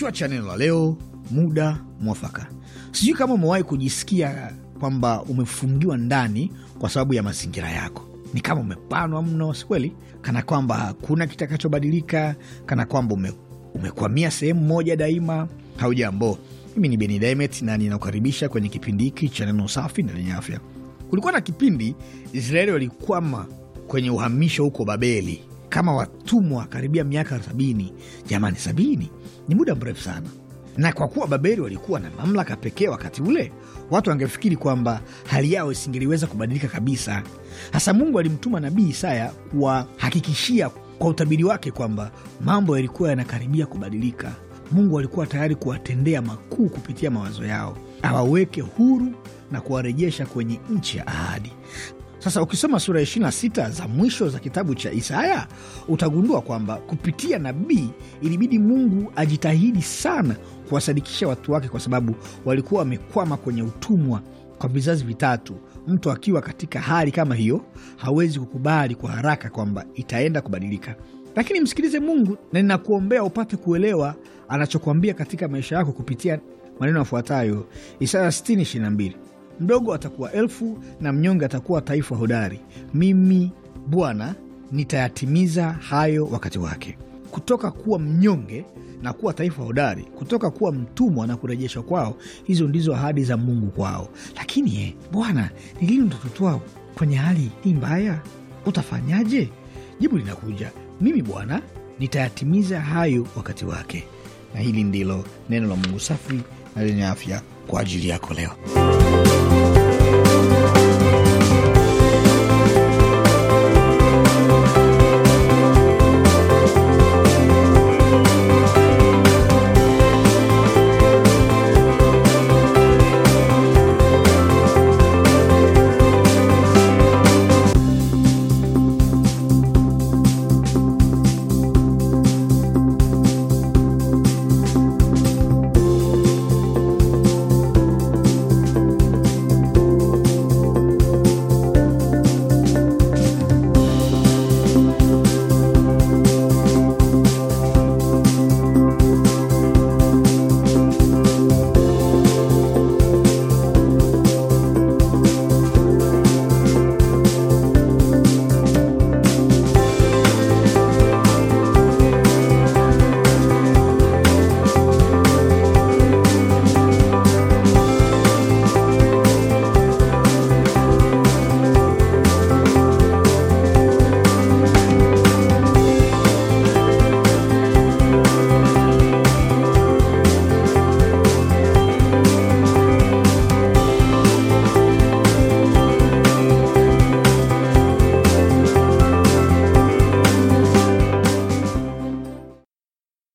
Kichwa cha neno la leo, muda mwafaka. Sijui kama umewahi kujisikia kwamba umefungiwa ndani kwa sababu ya mazingira yako, ni kama umepanwa mno, si kweli? Kana kwamba hakuna kitakachobadilika, kana kwamba ume, umekwamia sehemu moja daima. Haujambo, mimi ni Beni Dimet na ninakukaribisha kwenye kipindi hiki cha neno safi na lenye afya. Kulikuwa na kipindi Israeli walikwama kwenye uhamisho huko Babeli kama watumwa karibia miaka sabini. Jamani, sabini ni muda mrefu sana, na kwa kuwa Babeli walikuwa na mamlaka pekee wakati ule, watu wangefikiri kwamba hali yao isingeliweza kubadilika kabisa. Hasa Mungu alimtuma nabii Isaya kuwahakikishia kwa utabiri wake kwamba mambo yalikuwa yanakaribia kubadilika. Mungu alikuwa tayari kuwatendea makuu kupitia mawazo yao, awaweke huru na kuwarejesha kwenye nchi ya ahadi. Sasa ukisoma sura 26 za mwisho za kitabu cha Isaya utagundua kwamba kupitia nabii ilibidi Mungu ajitahidi sana kuwasadikisha watu wake, kwa sababu walikuwa wamekwama kwenye utumwa kwa vizazi vitatu. Mtu akiwa katika hali kama hiyo hawezi kukubali kwa haraka kwamba itaenda kubadilika, lakini msikilize Mungu, na ninakuombea upate kuelewa anachokuambia katika maisha yako kupitia maneno yafuatayo, Isaya 60:22 mdogo atakuwa elfu na mnyonge atakuwa taifa hodari. Mimi Bwana nitayatimiza hayo wakati wake. Kutoka kuwa mnyonge na kuwa taifa hodari, kutoka kuwa mtumwa na kurejeshwa kwao, hizo ndizo ahadi za Mungu kwao. Lakini eh, Bwana, ni lini utatutoa kwenye hali hii mbaya? Utafanyaje? Jibu linakuja, mimi Bwana nitayatimiza hayo wakati wake. Na hili ndilo neno la Mungu safi na lenye afya kwa ajili yako leo.